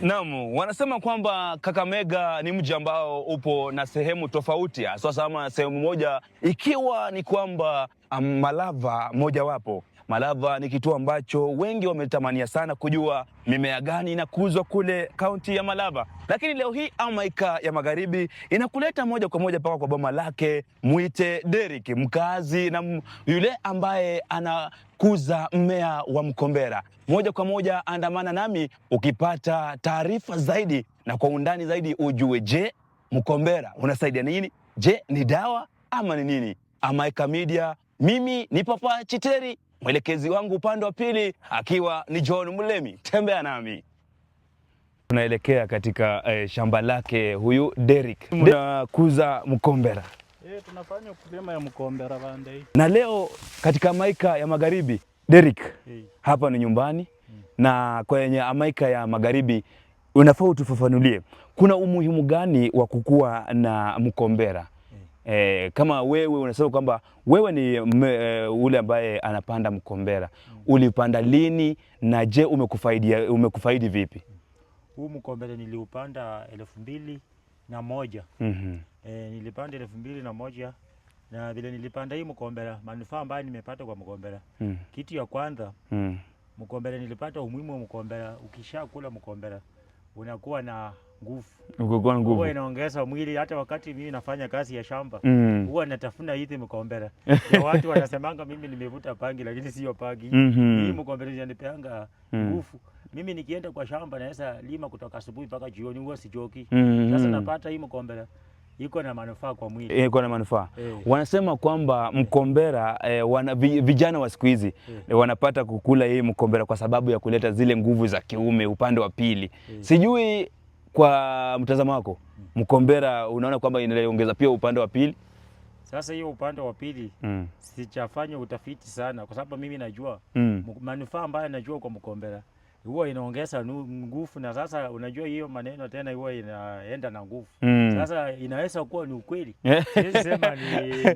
Naam, wanasema kwamba Kakamega ni mji ambao upo na sehemu tofauti haswa, sehemu moja ikiwa ni kwamba um, Malava mojawapo Malava ni kituo ambacho wengi wametamania sana kujua mimea gani inakuzwa kule kaunti ya Malava, lakini leo hii Amaika ya Magharibi inakuleta moja kwa moja mpaka kwa boma lake Mwite Derrick, mkazi na yule ambaye anakuza mmea wa mkombera. Moja kwa moja andamana nami ukipata taarifa zaidi na kwa undani zaidi ujue, je, mkombera unasaidia nini? Je, ni dawa ama ni nini? Amaika Media, mimi ni Papa Chiteri. Mwelekezi wangu upande wa pili akiwa ni John mlemi Tembea nami, tunaelekea katika eh, shamba lake huyu Derrick. Tunakuza mkombera e, tunafanya ukulima ya mkombera bande. Na leo katika maika ya Magharibi Derrick, hey. hapa ni nyumbani hmm. Na kwenye Amaika ya Magharibi unafaa utufafanulie kuna umuhimu gani wa kukua na mkombera eh, kama wewe unasema kwamba wewe ni me, uh, eh, ule ambaye anapanda mkombera mm. ulipanda lini na je, umekufaidi umekufaidi vipi? Huu mkombera niliupanda elfu mbili na moja. mm -hmm. nilipanda elfu mbili na moja na vile nilipanda hii mkombera, manufaa ambayo nimepata kwa mkombera mm. kitu ya kwanza mm. mkombera mm. nilipata umuhimu wa mkombera. Ukishakula mkombera unakuwa na nguvu ukokuwa nguvu inaongeza mwili. Hata wakati mimi nafanya kazi ya shamba mm. huwa mm. natafuna hizi mkombera watu wanasemanga mimi nimevuta pangi, lakini sio pangi mm -hmm. hii mkombera inanipeanga mm. nguvu mm. mimi nikienda kwa shamba naweza lima kutoka asubuhi mpaka jioni, huwa sijoki mm -hmm. Sasa napata hii mkombera iko na manufaa kwa mwili, eh, iko na manufaa e. Wanasema kwamba mkombera e, wana, vijana wa siku hizi e, wanapata kukula hii mkombera kwa sababu ya kuleta zile nguvu za kiume upande wa pili e. Sijui kwa mtazamo wako Mkombera, unaona kwamba inaongeza pia upande wa pili? Sasa hiyo upande wa pili mm. sichafanya utafiti sana, kwa sababu mimi najua mm. manufaa ambayo najua kwa Mkombera huwa inaongeza nguvu, na sasa unajua hiyo maneno tena huwa inaenda na nguvu mm. Sasa inaweza kuwa ni ukweli siwezi sema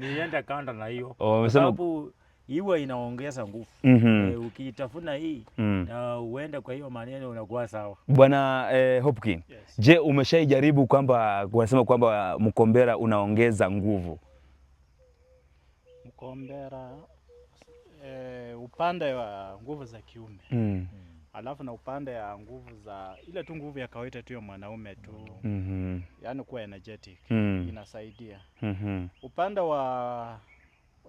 nienda ni kanda na hiyo oh, kwa sababu iwe inaongeza nguvu mm -hmm. E, ukitafuna hii mm. na uende kwa hiyo maneno unakuwa sawa bwana eh, Hopkin. Yes. Je, umeshaijaribu kwamba wanasema kwamba mkombera unaongeza nguvu mkombera eh, upande wa nguvu za kiume mm. Alafu na upande ya nguvu za ile tu nguvu ya kawaida tu ya mwanaume tu mm -hmm. Yaani kuwa energetic mm. inasaidia mm -hmm. upande wa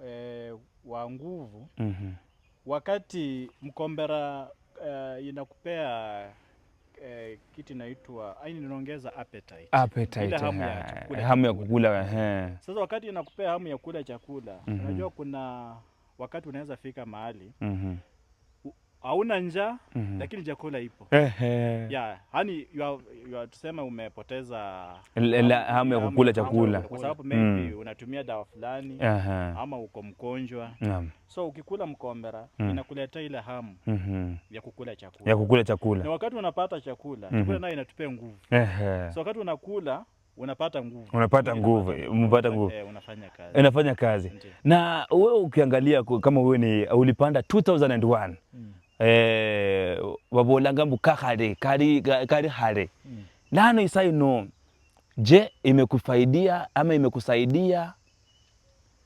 e, wa nguvu mm -hmm. Wakati mkombera e, inakupea e, kitu inaitwa aini inaongeza appetite, appetite ya hamu ya kukula. Sasa wakati inakupea hamu ya kula chakula mm -hmm. Unajua kuna wakati unaweza fika mahali mm -hmm hauna njaa mm -hmm. Lakini chakula ipo you eh. you are tusema umepoteza hamu ya kukula chakula kwa sababu maybe mm. unatumia dawa fulani uh -huh. ama uko mgonjwa yeah. So ukikula mkombera mm. inakuletea ile hamu mm -hmm. ya kukula chakula ya kukula chakula, na wakati unapata chakula mm -hmm. chakula nayo inatupea nguvu So wakati unakula unapata nguvu unapata nguvu unapata nguvu eh, unafanya kazi unafanya kazi na wewe ukiangalia kama wewe ni ulipanda 2001 mm babolanga eh, mbu kahale kali, kali hale mm. isai isaino je imekufaidia ama imekusaidia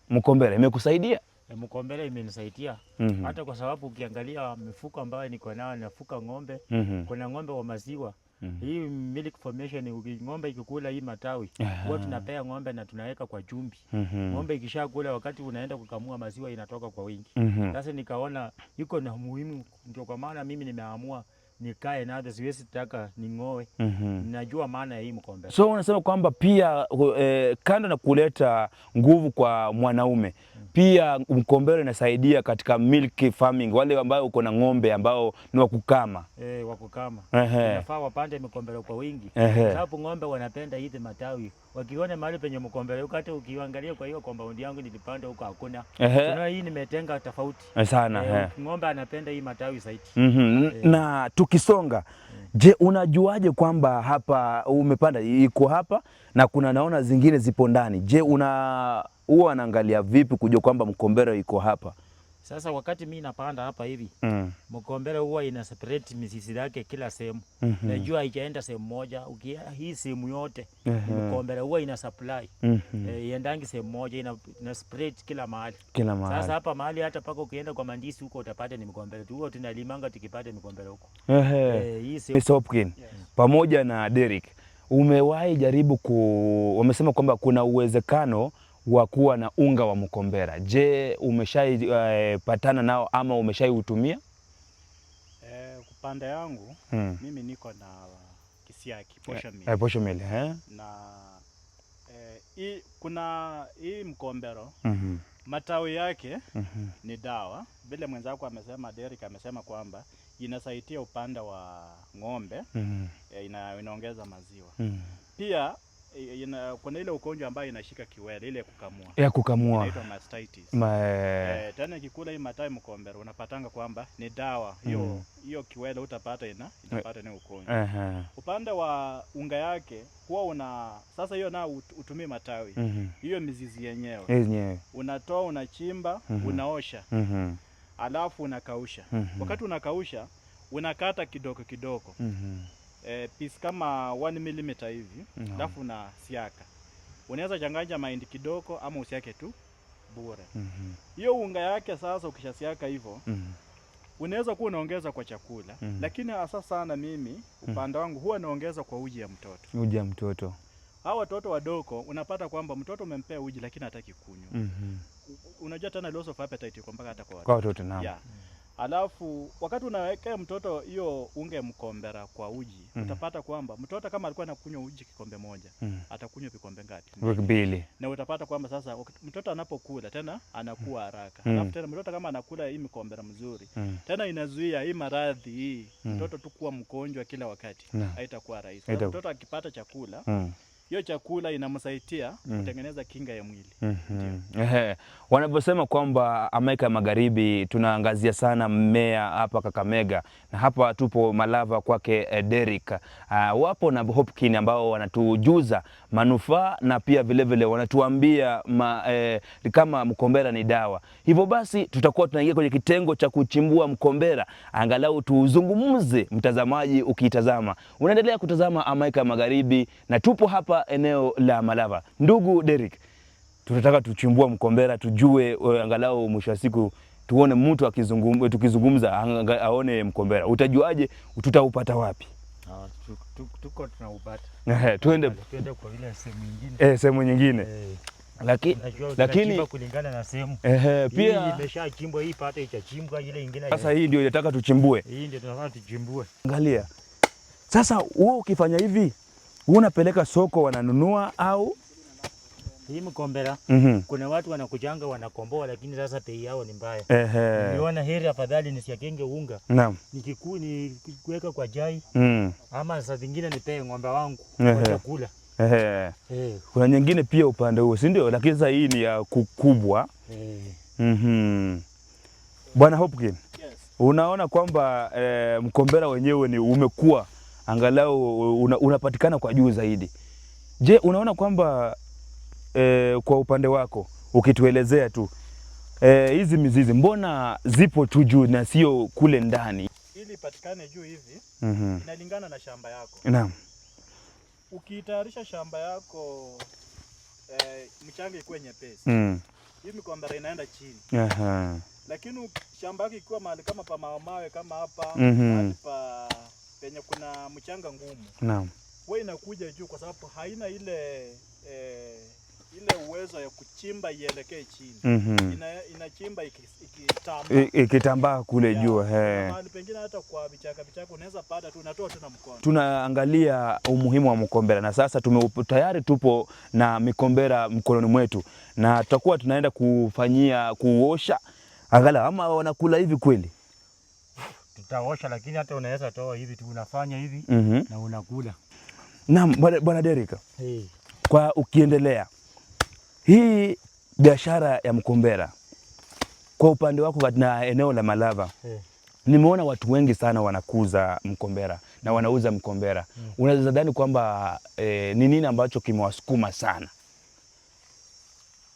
mkombere imekusaidia e, Mkombele imenisaidia mm -hmm. hata kwa sababu ukiangalia mifuko ambayo niko nayo nafuka ng'ombe mm -hmm. kuna ng'ombe wa maziwa Mm. Hii milk formation ng'ombe ikikula hii matawi huwa tunapea ng'ombe na tunaweka kwa jumbi Mm -hmm. Ng'ombe ikishakula wakati unaenda kukamua maziwa inatoka kwa wingi. Mhm. Sasa mm -hmm. nikaona iko na muhimu, ndio kwa maana mimi nimeamua nikae nazo, siwezi taka ning'oe. mm -hmm. Najua maana ya hii mkombe. So unasema kwamba pia eh, kando na kuleta nguvu kwa mwanaume mm. pia mkombero inasaidia katika milk farming, wale ambao uko na ng'ombe ambao ni wakukama eh, kukama. inafaa wapande mkombero kwa wingi, sababu ng'ombe wanapenda hizi matawi wakiona mahali penye mkombele huko, ukiangalia kwa hiyo compound yangu nilipanda huko hakuna. Kuna hii nimetenga tofauti eh, sana eh, eh, ng'ombe anapenda hii matawi zaidi. mm -hmm. E. na tukisonga E. Je, unajuaje kwamba hapa umepanda iko hapa na kuna naona zingine zipo ndani? Je, una huwa anaangalia vipi kujua kwamba mkombero iko hapa? Sasa wakati mimi napanda hapa hivi mm. mkombele huwa ina separate mizizi yake kila sehemu mm -hmm. najua haijaenda sehemu moja ukia, hii sehemu yote mm -hmm. mkombele huwa ina supply mm -hmm. e, sehemu moja ina, ina spread kila mahali kila mahali. Sasa hapa mahali hata paka ukienda kwa mandisi huko utapata ni mkombele tu, huo tunalimanga tukipata mkombele huko e, hii sehemu yes. pamoja na Derek, umewahi jaribu ku, wamesema kwamba kuna uwezekano wa kuwa na unga wa mkombera. Je, umeshaipatana eh, uh, nao ama umeshaiutumia? Eh, upande yangu hmm. mimi niko na kisiaki posho mili. Eh, posho mili, eh, eh? Na eh, i, kuna hii mkombero mm -hmm. matawi yake mm -hmm. ni dawa vile mwenzako amesema, Derek amesema kwamba inasaidia upande wa ng'ombe mm -hmm. eh, ina, inaongeza maziwa mm -hmm. pia Eh, ina, kuna ile ugonjwa ambayo inashika kiwele ile kukamua. Ya kukamua. Inaitwa mastitis. Ma... E, tena kikula hii matai mkombero unapatanga kwamba ni dawa hiyo mm. hiyo mm. kiwele utapata ina inapata ni ugonjwa. Uh -huh. Upande wa unga yake huwa una sasa hiyo na utumie matawi. Mm -hmm. Hiyo mizizi yenyewe. Yenyewe. Unatoa unachimba, mm -hmm. unaosha. Mm -hmm. Alafu unakausha. Mm -hmm. Wakati unakausha unakata kidogo kidogo. Mm -hmm eh, piece kama 1 mm hivi alafu na siaka unaweza changanya mahindi kidogo ama usiake tu bure mhm. hiyo mm -hmm. unga yake sasa ukishasiaka hivyo mm -hmm. unaweza kuwa unaongeza kwa chakula mm -hmm. lakini hasa sana mimi mhm. upande wangu huwa naongeza kwa uji ya mtoto uji ya mtoto Hao watoto wadogo unapata kwamba mtoto umempea uji lakini hataki kunywa mm -hmm. unajua tena loss of appetite kwa mpaka hata kwa watoto, kwa watoto naam yeah. Alafu wakati unawekea mtoto hiyo unge mkombera kwa uji mm. Utapata kwamba mtoto kama alikuwa anakunywa uji kikombe moja mm. Atakunywa vikombe ngapi? Mbili. Na utapata kwamba sasa mtoto anapokula tena anakuwa mm. haraka mm. Alafu tena mtoto kama anakula hii mkombera mzuri mm. Tena inazuia hii maradhi hii mm. Mtoto tu kuwa mgonjwa kila wakati haitakuwa no. rahisi. Mtoto akipata chakula mm hiyo chakula inamsaidia mm. kutengeneza kinga ya mwili mm mm-hmm. -hmm. Wanavyosema kwamba Amerika ya Magharibi tunaangazia sana mmea hapa Kakamega, na hapa tupo Malava kwake eh, Derrick. Uh, wapo na Hopkin ambao wanatujuza manufaa na pia vilevile wanatuambia ma, eh, kama mkombera ni dawa. Hivyo basi tutakuwa tunaingia kwenye kitengo cha kuchimbua mkombera, angalau tuuzungumze, mtazamaji ukitazama, unaendelea kutazama Amerika ya Magharibi na tupo hapa hapa eneo la Malava. Ndugu Derek, tunataka tuchimbua mkombera tujue eh, angalau mwisho wa siku tuone mtu akizungumza, tukizungumza aone mkombera. Utajuaje? tutaupata wapi? Ah, tuko tunaupata. Eh, Tuende ah, kwa ile sehemu nyingine, eh, sehemu nyingine eh. Lakini lakini kulingana na sehemu eh, pia imeshachimbwa hii, pata itachimbwa ile nyingine. Sasa hii ndio inataka tuchimbue, hii ndio tunataka tuchimbue. Angalia sasa, wewe ukifanya hivi unapeleka soko wananunua au hii mkombera? mm -hmm. Kuna watu wanakujanga wanakomboa, lakini sasa bei yao ni mbaya. Ehe, niona heri afadhali nisiakenge unga, naam, nikiku nikiweka kwa jai mm. ama saa zingine nipee ng'ombe wangu chakula. Ehe, kuna nyingine pia upande huo, si ndio? Lakini sasa hii ni ya kukubwa. mm -hmm. Bwana Hopkin. yes. Unaona kwamba eh, mkombera wenyewe ni umekuwa angalau una, unapatikana kwa juu zaidi. Je, unaona kwamba e, kwa upande wako ukituelezea tu eh, hizi e, mizizi mbona zipo tu juu na sio kule ndani? Ili patikane juu hivi mm -hmm. Inalingana na shamba yako. Naam. Ukitayarisha shamba yako e, mchanga ikuwe nyepesi mm. Hii mikwambara inaenda chini. Aha. Lakini shamba yako ikiwa mahali kama pa mawe kama hapa mm -hmm. mahali pa penye kuna mchanga ngumu. Naam. Wewe inakuja juu kwa sababu haina ile eh, ile uwezo ya kuchimba ielekee chini. mm -hmm. Ina, inachimba ikitambaa ikitambaa kule yeah, juu. Mahali Pengine hata kwa vichaka vichaka unaweza pata tu unatoa tena mkono. Tunaangalia umuhimu wa mkombera na sasa tume, tayari tupo na mikombera mkononi mwetu na tutakuwa tunaenda kufanyia kuosha, angalau ama wanakula hivi kweli tutaosha, lakini hata unaweza toa hivi tu, unafanya hivi mm -hmm. na unakula. Naam, bwana Derrick, hey. Kwa ukiendelea hii biashara ya Mkombera kwa upande wako na eneo la Malava hey. Nimeona watu wengi sana wanakuza mkombera na mm. wanauza mkombera hmm. Unaweza dhani kwamba e, ni nini ambacho kimewasukuma sana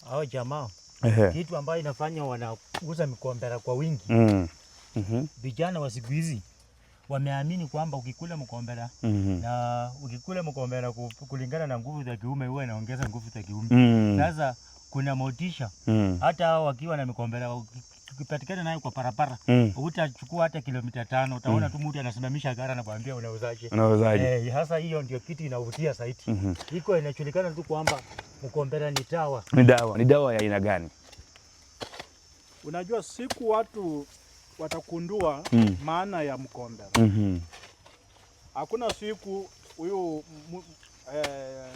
hao jamaa? Kitu ambayo inafanya wanauza mkombera kwa wingi hmm. Mhm. vijana wa siku hizi wameamini kwamba ukikula mkombera mm -hmm. na ukikula mkombera kulingana na nguvu za kiume huwa inaongeza nguvu za kiume mm. sasa mm -hmm. kuna motisha mm -hmm. hata wakiwa na mkombera ukipatikana nayo kwa parapara mm. utachukua hata kilomita tano utaona mm. tu mtu anasimamisha gara na kuambia unauzaje, unauzaje. Eh, hasa hiyo ndio kitu inavutia zaidi mm -hmm. iko inachulikana tu kwamba mkombera ni dawa, ni dawa, ni dawa ya aina gani? Unajua siku watu watakundua mm. maana ya mkombe mm hakuna siku huyu eh,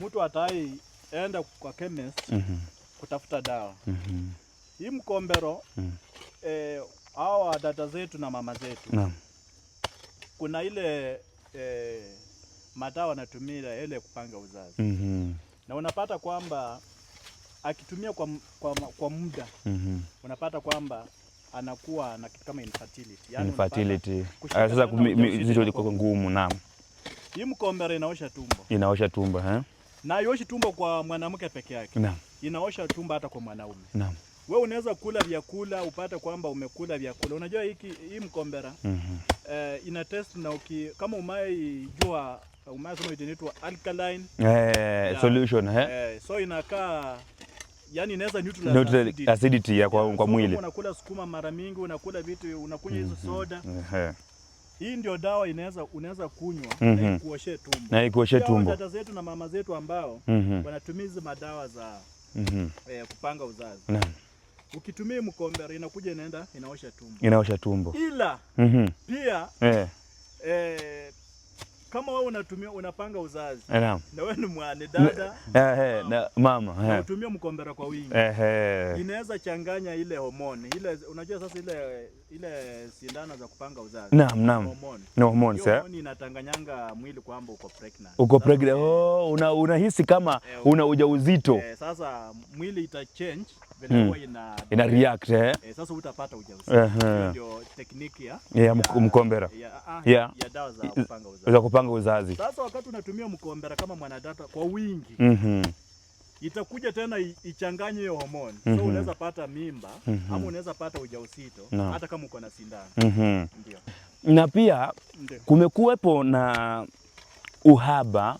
mtu atai enda kwa chemist mm -hmm. kutafuta dawa mm -hmm. hii mkombero mm -hmm. eh, hawa dada zetu na mama zetu na. kuna ile eh, madawa wanatumia ile kupanga uzazi mm -hmm. na unapata kwamba akitumia kwa, kwa, kwa muda mm -hmm. unapata kwamba anakuwa na kitu kama infertility. Yani infertility. Ah, sasa zito liko ngumu, naam. Hii mkombera inaosha tumbo. Inaosha tumbo, eh? Na yoshi tumbo kwa mwanamke peke yake. Naam. Inaosha tumbo hata kwa mwanaume. Naam. Wewe unaweza kula vyakula upate kwamba umekula vyakula. Unajua hiki hii mkombera mm -hmm. uh, eh, ina test na uki, kama umai jua umai sema inaitwa alkaline eh, yeah. solution eh? Eh, so inakaa yani inaweza neutral, neutral acidity ya kwa, yeah, kwa yaani mwili. Unakula sukuma mara mingi, unakula vitu, unakunywa hizo mhm. soda mm -hmm. Hii ndio dawa inaweza unaweza kunywa mm -hmm. na mhm. ikuoshe tumbo na ikuoshe tumbo. Dada zetu na mama zetu ambao mm -hmm. wanatumia hizo madawa za mm -hmm. eh, kupanga uzazi na. Ukitumia mkombero inakuja inaenda inaosha tumbo, inaosha tumbo ila mm -hmm. pia yeah. eh, eh kama wewe unatumia unapanga uzazi na wewe ni mwane dada eh, eh, na mama eh. unatumia mkombera kwa wingi eh, eh. inaweza changanya ile homoni ile, unajua sasa ile ile sindano za kupanga uzazi naam, naam. Homoni. No, homoni, homoni inatanganyanga mwili kwamba uko pregnant, uko pregnant. Oh, unahisi kama eh, una ujauzito eh, sasa mwili ita change Hmm. ina, react eh. Eh, sasa utapata ujauzito. Eh, eh. Ndio technique ya, yeah, ya mkombera ya, ah, yeah. ya dawa za kupanga uzazi. Za kupanga uzazi. Sasa wakati unatumia mkombera kama mwanadata kwa wingi mm -hmm. Itakuja tena ichanganye hiyo homoni mm -hmm. So mhm. unaweza pata mimba mm -hmm. ama unaweza pata ujauzito no. hata kama uko na sindano mm -hmm. Ndio. Na pia kumekuwepo na uhaba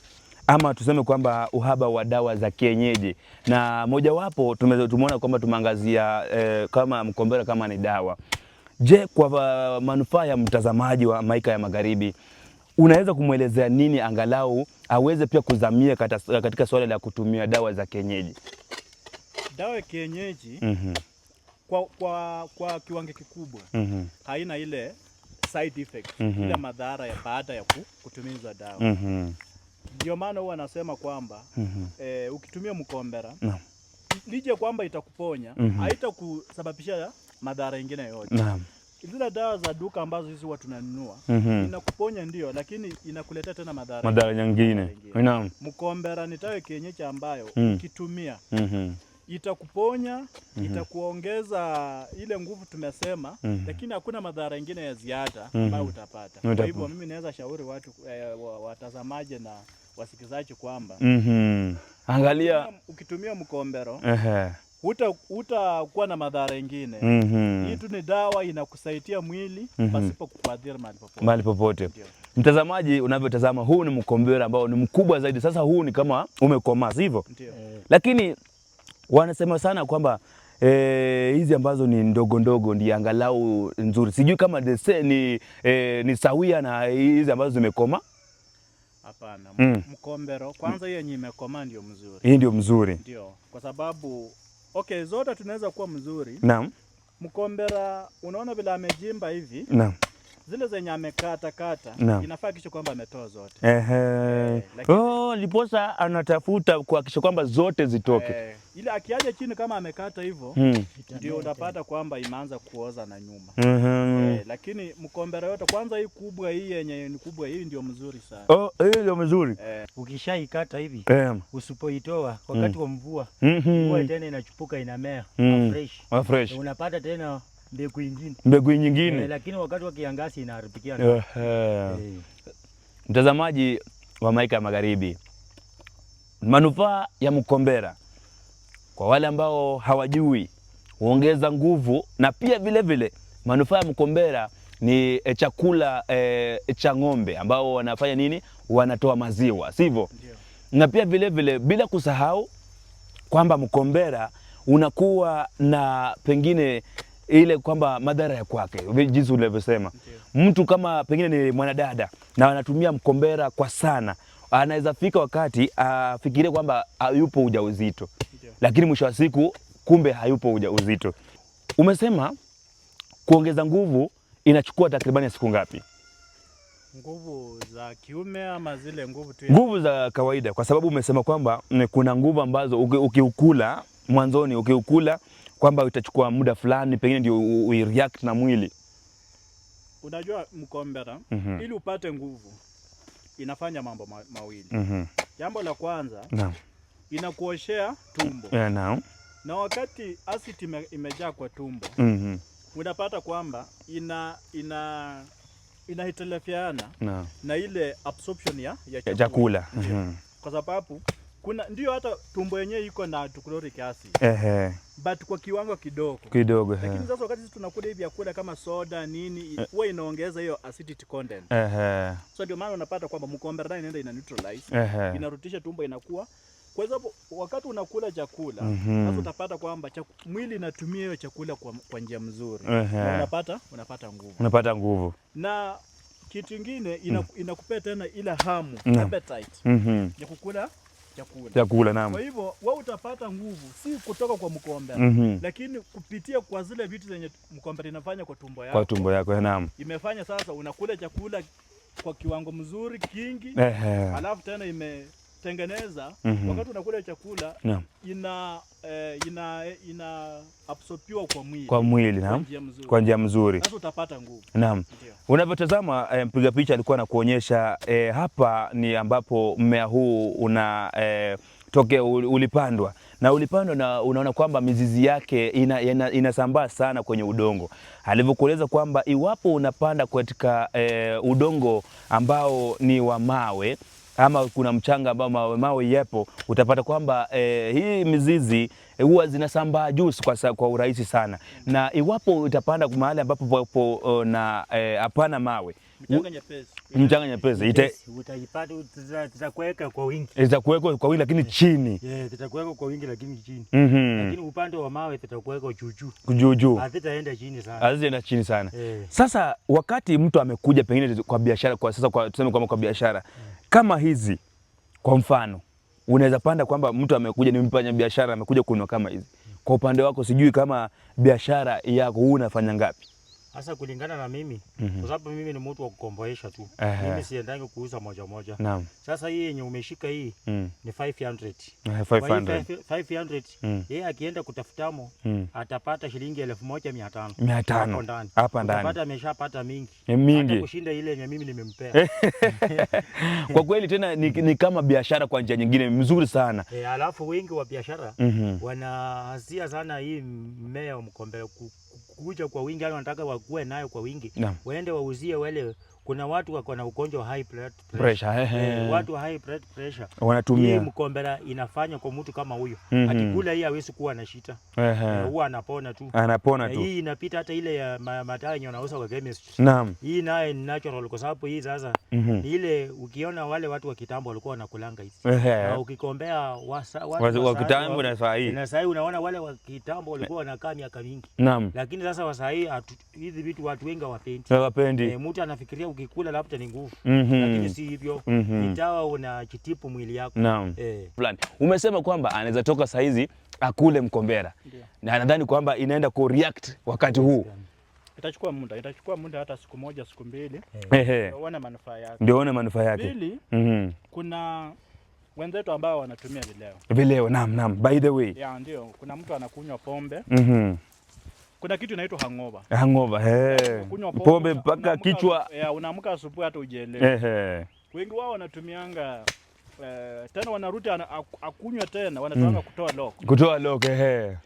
ama tuseme kwamba uhaba wa dawa za kienyeji, na mojawapo tumeona kwamba tumeangazia eh, kama mkombera kama ni dawa. Je, kwa eh, manufaa ya mtazamaji wa Maika ya Magharibi, unaweza kumwelezea nini angalau aweze pia kuzamia katika suala la kutumia dawa za kienyeji? Dawa ya kienyeji mm -hmm. kwa, kwa, kwa kiwango kikubwa mm -hmm. haina ile side effect mm -hmm. ile madhara ya baada ya kutumiza dawa mm -hmm. Ndio maana huwa anasema kwamba mm -hmm. e, ukitumia mkombera no. lije kwamba itakuponya mm -hmm. haitakusababisha madhara ingine yote no. Zile dawa za duka ambazo hizi huwa tunanunua mm -hmm. inakuponya ndio, lakini inakuletea tena madhara madhara nyingine. Naam, mkombera ni tawe kienyeji ambayo mm. ukitumia mm -hmm. itakuponya mm -hmm. itakuongeza ile nguvu tumesema mm -hmm. lakini hakuna madhara ingine ya ziada mhm. ambayo mm -hmm. utapata. Kwa hivyo mimi naweza shauri watu eh, watazamaje na wasikizaji kwamba mm -hmm. Angalia, ukitumia mkombero hutakuwa uh -huh. na madhara ingine mm -hmm. Hii tu ni dawa inakusaidia mwili mm -hmm. pasipo kukuadhiri mahali popote, mahali popote. Mtazamaji, unavyotazama huu ni mkombero ambao ni mkubwa zaidi. Sasa huu ni kama umekomaa, sivyo? Eh. Lakini wanasema sana kwamba E, hizi ambazo ni ndogo ndogo ndi angalau nzuri, sijui kama dese, ni, e, ni sawia na hizi ambazo zimekoma Hapana, mm. Mkombero kwanza, hiyo yenye imekomaa ndio mzuri, hii ndio mzuri, ndio kwa sababu okay, zote tunaweza kuwa mzuri. Naam, mkombera unaona vile amejimba hivi. Naam zile zenye amekata kata no. Inafaa kisha kwamba ametoa zote ehe. eh, oh, liposa anatafuta kuhakikisha kwamba zote zitoke eh, ile akiaje chini kama amekata hivyo mm. Ndio unapata kwamba imeanza kuoza na nyuma mm -hmm. eh, lakini mkombera yote kwanza, hii kubwa hii yenye ni kubwa hii ndio mzuri sana oh, hii ndio mzuri eh. Ukishaikata hivi eh. Usipoitoa wakati mm. wa mvua mm -hmm. Mvua tena inachupuka inamea mm. fresh fresh, unapata tena mbegu nyingine, mbegu nyingine. Eh, lakini wakati wa kiangazi inaharibikia. Eh. Mtazamaji wa Maika ya Magharibi, manufaa ya mkombera kwa wale ambao hawajui, huongeza nguvu na pia vilevile manufaa ya mkombera ni eh, chakula e, cha ng'ombe ambao wanafanya nini, wanatoa maziwa, sivyo? yeah. na pia vilevile vile, bila kusahau kwamba mkombera unakuwa na pengine ile kwamba madhara ya kwake, jinsi ulivyosema okay. Mtu kama pengine ni mwanadada na anatumia mkombera kwa sana, anaweza fika wakati afikirie kwamba hayupo ujauzito yeah. Lakini mwisho wa siku kumbe hayupo ujauzito. Umesema kuongeza nguvu inachukua takribani siku ngapi? Nguvu za kiume ama zile nguvu tu, nguvu za kawaida? Kwa sababu umesema kwamba kuna nguvu ambazo ukiukula mwanzoni, ukiukula kwamba itachukua muda fulani pengine ndio react na mwili. Unajua mkombera, mm -hmm. ili upate nguvu inafanya mambo ma mawili. mm -hmm. Jambo la kwanza na. inakuoshea tumbo yeah, na. na wakati asidi ime, imejaa kwa tumbo mm -hmm. unapata kwamba ina ina inahitilafiana no. na ile absorption ya, ya chakula, ya chakula. Mm -hmm. kwa sababu kuna ndio hata tumbo yenyewe iko na tukloric acid. Ehe. But kwa kiwango kidogo kidogo, lakini sasa wakati sisi tunakula hivi vyakula kama soda nini eh. huwa inaongeza hiyo acidity content. Ehe. So ndio maana unapata kwamba mkombera inaenda ina neutralize. Ehe. Inarutisha tumbo inakuwa kwa sababu wakati unakula chakula mm -hmm. Sasa utapata kwamba mwili inatumia hiyo chakula kwa, kwa njia mzuri uh -huh. Unapata unapata nguvu unapata nguvu, na kitu kingine mm. inakupea mm. ina tena ile hamu mm -hmm. appetite mm -hmm. ya kukula chakula, chakula naam. Kwa hivyo wewe utapata nguvu si kutoka kwa mkombe mm -hmm. lakini kupitia kwa zile vitu zenye mkombe inafanya kwa tumbo yako, kwa tumbo yako naam, imefanya sasa unakula chakula kwa kiwango mzuri kingi, alafu tena ime tengeneza mm -hmm. Wakati unakula chakula no. ina, eh, ina, ina absorbiwa kwa mwili kwa mwili naam, kwa njia mzuri, sasa utapata nguvu naam. Unavyotazama eh, mpiga picha alikuwa anakuonyesha eh, hapa ni ambapo mmea huu una eh, toke ulipandwa na ulipandwa na unaona kwamba mizizi yake inasambaa ina, ina sana kwenye udongo, alivyokueleza kwamba iwapo unapanda katika e, udongo ambao ni wa mawe ama kuna mchanga ambao mawe mawe yepo, utapata kwamba e, hii mizizi eh, huwa e, zinasambaa juu kwa, kwa urahisi sana, na iwapo utapanda mahali ambapo popo oh, na eh, hapana e, mawe mchanga nyepesi itakuweka kwa wingi, lakini chini juujuu mhm. hazitaenda chini sana. Sasa wakati mtu amekuja pengine kwa biashara, kwa sasa tuseme kwa biashara yeah kama hizi kwa mfano unaweza panda kwamba mtu amekuja ni mfanya biashara amekuja kununua kama hizi. Kwa upande wako, sijui kama biashara yako huu unafanya ngapi? Sasa kulingana na mimi mm -hmm. Kwa sababu mimi ni mtu wa kukomboesha tu uh -huh. Mimi siendangi kuuza moja moja Naam. Sasa hii yenye umeshika hii mm. ni 500 uh, 500 500 mm. Yeye akienda kutafutamo mm. atapata shilingi elfu moja mia tano mia tano hapa ndani atapata, ameshapata mingi e, mingi kushinda ile yenye mimi nimempea kwa kweli tena ni, ni kama biashara kwa njia nyingine mzuri sana e, alafu wengi wa biashara mm -hmm. wanahasia sana hii mmea wa mkombe kuja kwa wingi, hao yaani wanataka wakue nayo kwa wingi, waende wauzie wale kuna watu wako na ugonjwa wa high blood pressure, pressure he eh, eh, eh, watu wa high blood pressure wanatumia hii mkombera, inafanya kwa mtu kama huyo mm -hmm. Akikula hii hawezi kuwa na shita eh, huwa anapona tu, anapona eh, tu. Hii inapita hata ile ya matanyo wanauza kwa chemist. Naam, hii naye ni natural kwa sababu hii sasa mm -hmm. ile ukiona wale watu wa kitambo walikuwa wanakulanga hizi eh, na ukikombea wasa, watu wa kitambo na saa hii na saa hii unaona wale wa kitambo walikuwa wanakaa miaka mingi. Naam, lakini sasa hii hizi vitu watu wengi hawapendi, hawapendi. E, mtu anafikiria ukikula labda ni nguvu mm -hmm. lakini si hivyo mm -hmm. ni dawa unachitipu mwili yako no. eh. Fulani umesema kwamba anaweza toka saa hizi akule mkombera yeah. na nadhani kwamba inaenda ku react wakati huu itachukua muda, itachukua muda hata siku moja siku mbili eh. ndio uone manufaa yake, ndio uone manufaa yake. Pili, mm -hmm. kuna wenzetu ambao wanatumia vileo vileo. Naam, naam, by the way, yeah, ndio kuna mtu anakunywa pombe mm -hmm. Kuna kitu inaitwa hangover. Hangover, eh. Kunywa pombe mpaka kichwa. Ya, eh, unaamka asubuhi hata ujielewe. Eh. Wengi wao wanatumianga eh, tena wanaruti akunywa tena wanataka mm. kutoa lock. Kutoa lock, eh.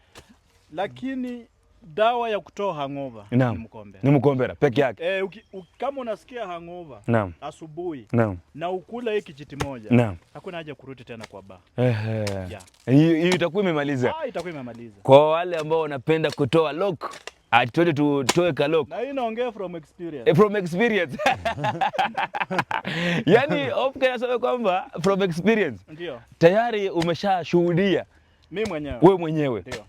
Lakini dawa ya kutoa hangover ni mkombera. Ni mkombera peke yake. Eh, kama unasikia hangover naam, asubuhi naam, na ukula hiki kiti moja, hakuna haja kurudi tena kwa baa. Ehe. Hiyo itakuwa imemaliza. Ah, itakuwa imemaliza. Kwa wale ambao wanapenda kutoa lock Atwende ah, tutoe kaloko. Na hii naongea from experience. Eh, from experience. Yaani Ofka nasema kwamba from experience. Ndio. Tayari umeshashuhudia. Mimi mwenyewe. Wewe mwenyewe. Ndio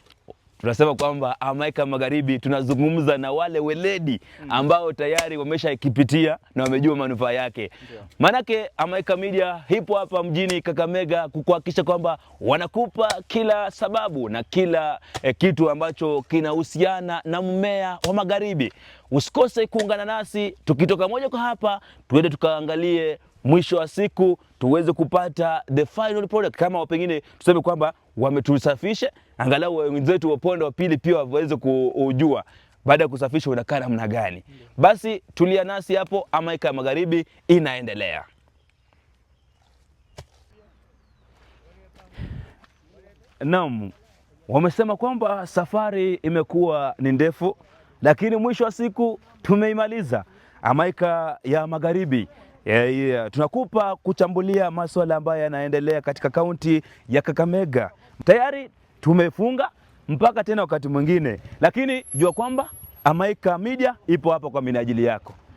tunasema kwamba amaica Magharibi tunazungumza na wale weledi mm. ambao tayari wameshakipitia na wamejua manufaa yake. Maanake Amerika Media hipo hapa mjini Kakamega kukuhakikisha kwamba wanakupa kila sababu na kila eh, kitu ambacho kinahusiana na mmea wa magharibi. Usikose kuungana nasi tukitoka moja kwa hapa, tuende tukaangalie mwisho wa siku tuweze kupata the final product, kama pengine tuseme kwamba wametusafisha, angalau wenzetu wa upande wa pili pia waweze kujua baada ya kusafisha unakaa namna gani. Basi tulia nasi hapo, Amaika ya Magharibi inaendelea. Naam, wamesema kwamba safari imekuwa ni ndefu, lakini mwisho wa siku tumeimaliza Amaika ya Magharibi yeah, yeah. Tunakupa kuchambulia masuala ambayo yanaendelea katika kaunti ya Kakamega. Tayari tumefunga mpaka tena wakati mwingine, lakini jua kwamba Amaica Media ipo hapa kwa minajili yako.